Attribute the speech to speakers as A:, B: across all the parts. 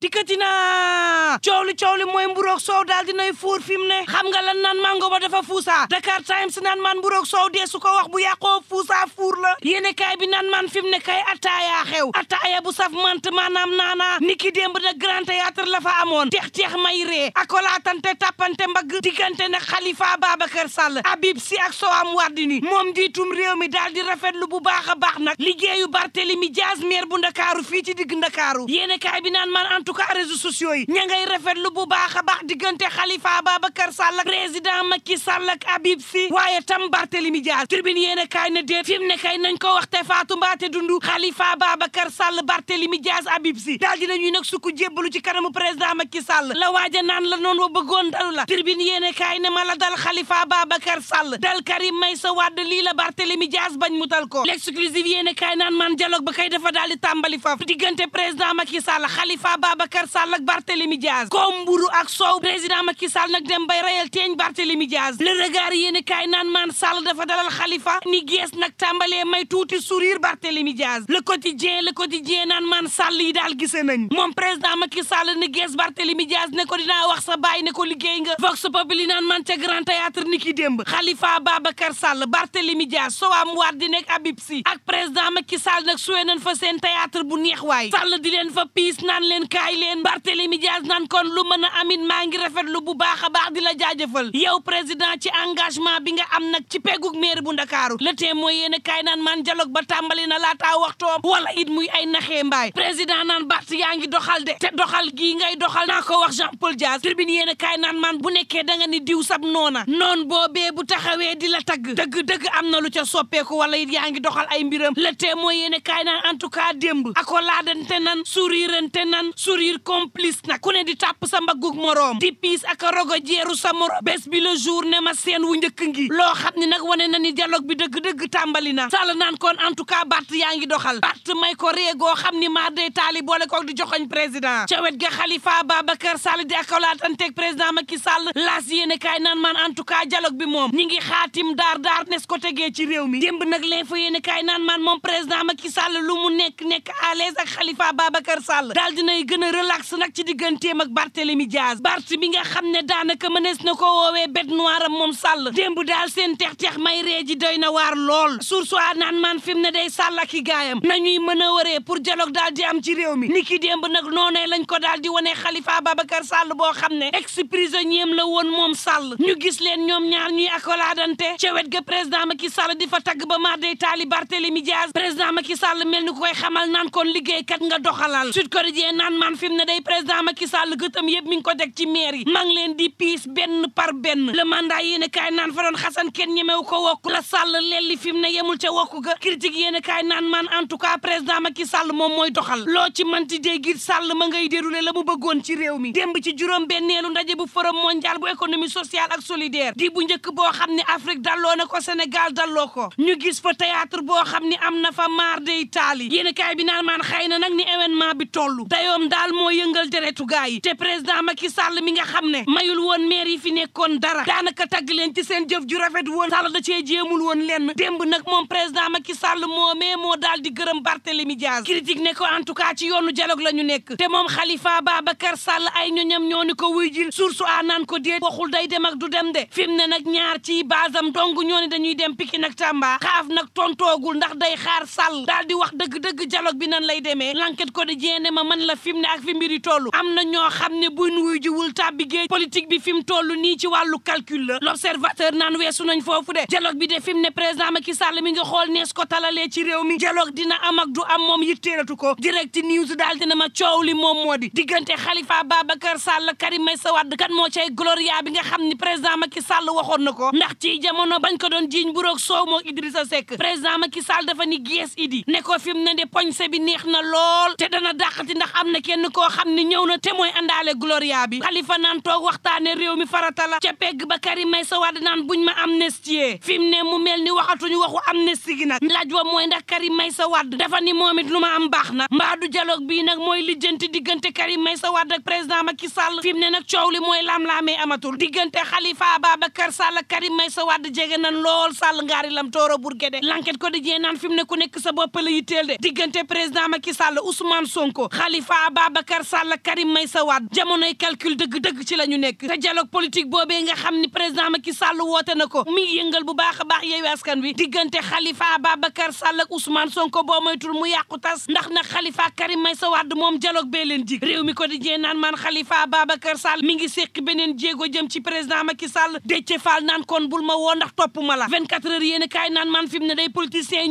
A: dikkati naa coow li coow li mooy mburoog soow daal dinay fuur fi mu ne xam nga lan naan mango ba dafa fuusaa Dakar Times naan man mburoog soow dee su ko wax bu yàqoo fuusaa fuur la yéene kaay bi naan man fi mu ne kay attaayaa xew attaaya bu saf mant maanaam naanaa niki démb na grand théâtre la fa amoon teex-teex may ree akolaatante tàppante mbag diggante na Khalifa Babacar Sall Habib Sy ak Soham Wardini moom njiitum réew mi daal di rafetlu bu baax a baax nag liggéeyu Barthélemy Dias maire bu ndakaaru fii ci digg ndakaaru yéene kaay bi naan en tout cas réseaux sociaux yi ña ngay rafetlu bu baax diggante Khalifa Ababacar Sall ak président Macky Sall ak Habib Sy waaye tam Barthélemy Dias tribune yéen a kaay na déet fi mu ne kay nañ ko waxte faatu mbaate dundu Khalifa Ababacar Sall Barthélemy Dias Habib Sy daal dinañuy nag sukku jébbalu ci kanamu président Macky Sall la waaja naan la la tribune yéen a kaay ne ma la dal Khalifa Ababacar Sall dal Karim Meïssa Wade lii la Barthélemy Dias bañ mu tal ko l'exclusive a naan man dialogue ba kay dafa daal di tàmbali faf diggante président Macky Sall Khalifa Ababacar Sall ak Barthélemy Dias ko mburu ak soow président Macky Sall nag dem bay rayal teeñ Barthélémy Diaz le regard yéen kaay naan maan Sall dafa dalal Khalifa ni gees nag tàmbalee may tuuti sourire Barthélémy Diaz le quotidien le quotidien naan maan Sall yi daal gise nañ moom président Macky sal ni gees Barthélémy Diaz ne ko dinaa wax sa baay ne ko liggéey nga Vox Populi naan man ca Grand Théâtre ni ki démb Khalifa Babacar Sall Barthélémy Diaz Soham Wardini ak Habib Sy ak président Macky Sall nag suwe nañ fa seen théâtre bu neex waay Sall di leen fa piis leen kaay leen Barthélémy Diaz a ngi rafetlu bu baax a baax di la jaajëfal yow président ci engagement bi nga am nag ci peggug maire bu ndakaaru le témoin yéen a kaay naan man dialogue ba tàmbali na laataa waxtoom wala it muy ay naxee mbaay président naan Barth yaa ngi doxal de te doxal gii ngay doxal naa ko wax Jean Paul Dias tribune yéen a kaay naan man bu nekkee da nga ni diw sab noona noon boobee bu taxawee di la tagg dëgg-dëgg am na lu ca soppeeku wala it yaa ngi doxal ay mbiram le témoin a en tout cas démb akolaadante nan souriirante nan sourire complice nag ku ne di di piis ak a rogo jeeru sa bés bi le jour ne ma seen wu njëkk ngi loo xam ne nag wane na ni bi dëgg-dëgg tàmbali na sàll naan koon en tout cas Bart yaa ngi doxal Bart may ko réegoo xam ni maa dey taali boole ko di joxoñ président ca wet ga Khalifa Babacar Sall di akkalaatanteeg président Macky Sall laas yéene kaay naan maan en tout cas dialogue bi moom ñi ngi xaatim daar daar nes ko tegee ci réew mi démb nag l'info yéene kaay naan maan moom président Macky Sall lu mu nekk nekk à l'aise ak Khalifa Sall daal dinay gën a relax nag ci digganteem ak Barthélémy Diaz Bart si mi nga xam ne daanaka mënees na ko woowee bête noire am moom Sall démb daal seen tex-tex may ree ji doy na waar lool sursoir naan maan fi mu ne day Sall ak i gaayam ñuy mën a waree pour dialogue daal ji am ci réew mi ni ki démb nag noonee lañ ko daal di wane Khalifa Babacar Sall boo xam ne ex prisonnier am la woon moom Sall ñu gis leen ñoom ñaar ñuy akolaadante ca wet ga président Macky Sall di fa tagg ba maa day taali Barthélémy Diaz président Macky Sall mel ni koy xamal naan kon liggéeykat nga doxalal Sud Quotidien naan maan président Macky Sall gëtam yëpp mi ngi ko teg ci maire yi maa ngi leen di piis benn par benn le mandat yéen kaay naan fa xasan kenn ñemewu ko wokk la sall lelli fi mu ne yemul ca wokk ga critique yéen naan man en tout cas président Macky Sall moom mooy doxal loo ci manti déggit Sall ma ngay déroulé la mu bëggoon ci réew mi démb ci juróom benneelu ndaje bu forum mondial bu économie sociale ak solidaire di bu njëkk boo xam ni Afrique dalloo na ko Sénégal dalloo ko ñu gis fa théâtre boo xam ni am na fa maar day taali bi naan maan xëy na ni événement bi toll dayoom daal moo yëngal deretu gaay mi nga xam ne mayul woon maire yi fi nekkoon dara daanaka tagg leen ci seen jëf ju rafet woon Sall da cee jéemul woon lenn démb nag moom président Macky Sall moomee moo daal di gërëm Barthélémy Diaz critique ne ko en tout cas ci yoonu dialogue la ñu nekk te moom Khalifa Babacar Sall ay ñoñam ñoo ni ko wuy ji source a naan ko déet waxul day dem ak du dem de fi ne nag ñaar ci basam dong ñoo ni dañuy dem Pikine ak Tamba xaaf nag tontoogul ndax day xaar Sall daal di wax dëgg-dëgg dialogue bi nan lay demee l'enquête ko di jeene ma la fi mu ne ak fi mbiri toll am na ñoo xam ne tàbbi géej politique bi fi mu toll nii ci wàllu calcul la l'observateur naan weesu nañ foofu de dialogue bi de fi mu ne président Macky Sall mi ngi xool nees ko talalee ci réew mi dialogue dina am ak du am moom yitteelatu ko direct news daal dina ma coow li moom moo di diggante Khalifa Babacar Sall Karim Meïssa Wade kan moo cay gloria bi nga xam ni président Macky Sall waxoon na ko ndax ci jamono bañ ko doon jiiñ buroog soow moo Idrissa Seck président Macky Sall dafa ni gees idi ne ko fi mu ne de poñse bi neex na lool te dana dàqati ndax am na kenn koo xam ni ñëw na te mooy àndaale gloria bi fa naan toog waxtaane réew mi farata la ca pegg ba may sa Wade naan buñ ma amnestie fi mu ne mu mel ni waxatuñu waxu amnestie gi nag laaj wa mooy ndax may sa Wade dafa ni moomit it lu ma am baax na mbaa du dialogue bii nag mooy lijjanti diggante Karim Meïssa Wade ak président ki Sall fi mu ne nag coow li mooy laam-laamee amatul diggante Khalifa Ababacar Sall ak may sa Wade jege nan lool Sall ngaari lam tooro Bourguédé lanket ko di jee fi mu ne nekk sa bopp la yitteel de diggante président Macky Sall Ousmane Sonko Khalifa Ababacar Sall Karim Meïssa Wade jamonoy calcul dëgg dëgg-dëgg ci la ñu nekk te dialogue politique boobee nga xam ni président Macky Sall woote ko mi yëngal bu baax a baax yeewi askan wi diggante Khalifa Ababacar Sall ak Ousmane Sonko boo moytul mu yàqu tas ndax nag Khalifa Karim Meïssa Wade moom dialogue bee leen jig réew mi ko di jee naan maan Khalifa Ababacar Sall mi ngi séqi beneen jéego jëm ci président Macky Sall Déthié Fall naan kon bul ma woo ndax topp ma la 24 heures a kaay naan man fi ne day politiciens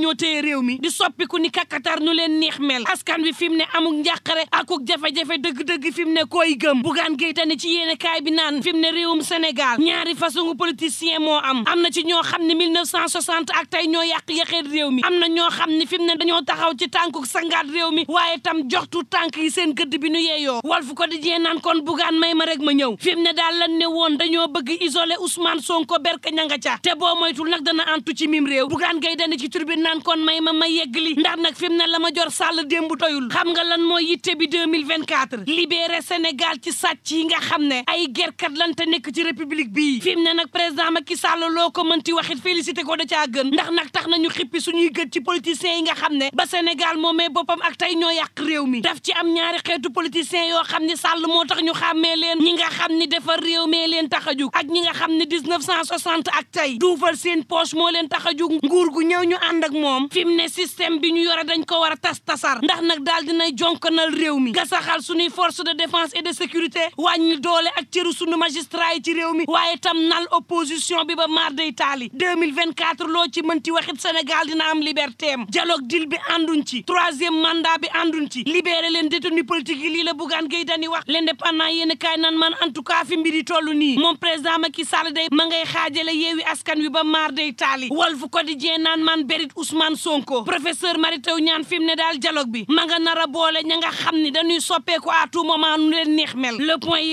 A: ci yéenekaay bi naan fim mu ne réewum senegal ñaari façon politicien moo am am na ci ñoo xam ne 1960 ak tey ñoo yàq yàqeet réew mi am na ñoo xam ni fi mu ne dañoo taxaw ci tànku sangaat réew mi waaye tam joxtu tànk yi seen gëdd bi nu yeeyoo Walf jee naan kon bugaan may ma rek ma ñëw fi mu ne daal lan ne woon dañoo bëgg isolé Ousmane Sonko berka ñanga ca te boo moytul nag dana antu ci mim réew bugaan gay dana ci tribune naan kon may ma ma yegg li ndax nag fi mu ne la ma jor sàll démb toyul xam nga lan mooy yitte bi 2024 libéré Sénégal ci sàcc yi nga xam ne ay gerkat lante nekk ci république bi fi mu ne nag président ki Sall loo ko mënti waxit félicité ko da ca gën ndax nag tax nañu xippi suñuy gën ci politiciens yi nga xam ne ba Sénégal moom moomee boppam ak tey ñoo yàq réew mi daf ci am ñaari xeetu politiciens yoo xam ne sàll moo tax ñu xàmmee leen ñi nga xam ni defar réew mee leen tax a ak ñi nga xam ne 1960 ak tey duufal seen poche moo leen tax a nguur gu ñëw ñu ànd ak moom fi mu ne système bi ñu yore dañ ko war a tas tasar ndax nag daal dinay jonkanal réew mi gasaxal suñuy force de défense de sécurité wàññi wàññi doole ak cëru sunu magistrat yi ci réew mi waaye tam nal opposition bi ba maar day taali 2024 loo ci mënti waxit Sénégal dina am liberté am dialogue dil bi ànduñ ci troisième mandat bi ànduñ ci libéré leen détenu politique yi lii la Bougane Gueye Dany wax l'indépendant yéen kaay nan man en tout cas fi mbiri toll nii moom président Macky Sall day ma ngay xaajale yeewi askan wi ba maar day taali Walf Quotidien naan man berit Ousmane Sonko professeur Mary Teuw ñaan fi ne daal dialogue bi ma nga nar boole ña nga xam ne dañuy soppeeku à tout moment nu leen neex mel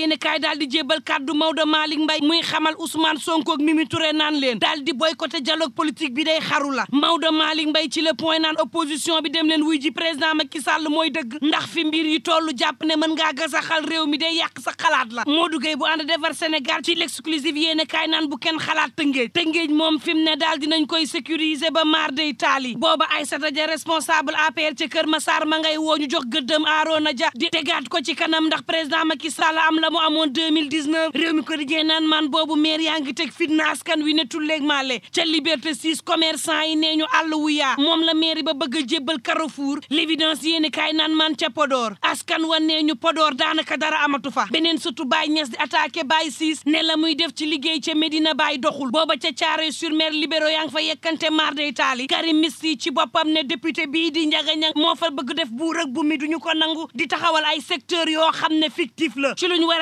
A: yéene kaay daal di jébbal kàddu Maodo Malick Mbaye muy xamal Ousmane Sonko ak Mimi Touré naan leen daal di boycotté dialogue politique bi day xaru la Maodo Malick Mbaye ci le point naan opposition bi dem leen wuy ji président Macky Sall mooy dëgg ndax fi mbir yi toll jàpp ne mën ngaa gasaxal réew mi day yàq sa xalaat la Modou Gueye bu ànd defar Sénégal ci l'exclusive yéene kaay naan bu kenn xalaat tëngeej tëngeej moom fi mu ne daal dinañ koy sécuriser ba maar day taali booba sa Dia responsable APR ca Kër Massar ma ngay woo ñu jox gëddëm Arona Dia di tegaat ko ci kanam ndax président Macky Sall am la mu amoon 2019 réew mi quotidien naan man boobu maire yaa ngi teg fitna askan wi ne tulleeg maale ca liberté 6 commerçant yi nee ñu àll wu yaa moom la maire ba bëgg a jébbal Carrefour l'évidence yéeni kaay naan man ca Podor askan wa nee ñu Podor daanaka dara amatu fa beneen surtout Baye Niass di attaqué Baye 6 ne la muy def ci liggéey ca Medina Baye doxul booba ca Thiaroye sur Mer libéraux yaa ngi fa yekkante marday taali Karim Missi ci boppam ne député bii di Ndiaga Niang moo fa bëgg def bu rëg bu mi duñu ko nangu di taxawal ay secteur yoo xam ne fictif la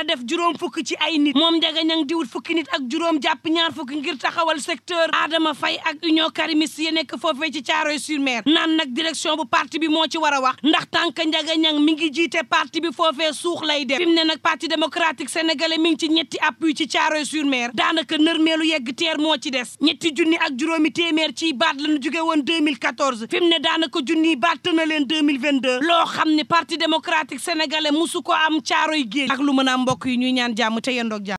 A: a def juróom fukk ci ay nit moom Ndiaga Niang di wut fukki nit ak juróom jàpp ñaar fukki ngir taxawal secteur Adama Faye ak union karimiste yi nekk foofee ci Thiaroye sur Mer naan nag direction bu parti bi moo ci war a wax ndax tànk Ndiaga Niang mi ngi jiite parti bi foofee suux lay def fi mu ne nag parti démocratique sénégalais mi ngi ci ñetti appui ci Thiaroye sur Mer daanaka nërmeelu yegg teer moo ci des ñetti junni ak juróomi téeméer ci baat lañu jóge woon 2014 fi mu ne daanaka junni baat na leen 2022 loo xam ne parti démocratique sénégalais musu ko am Thiaroye Géej ak lu mën a mbokk yi ñuy ñaan jàmm te yendoog jàmm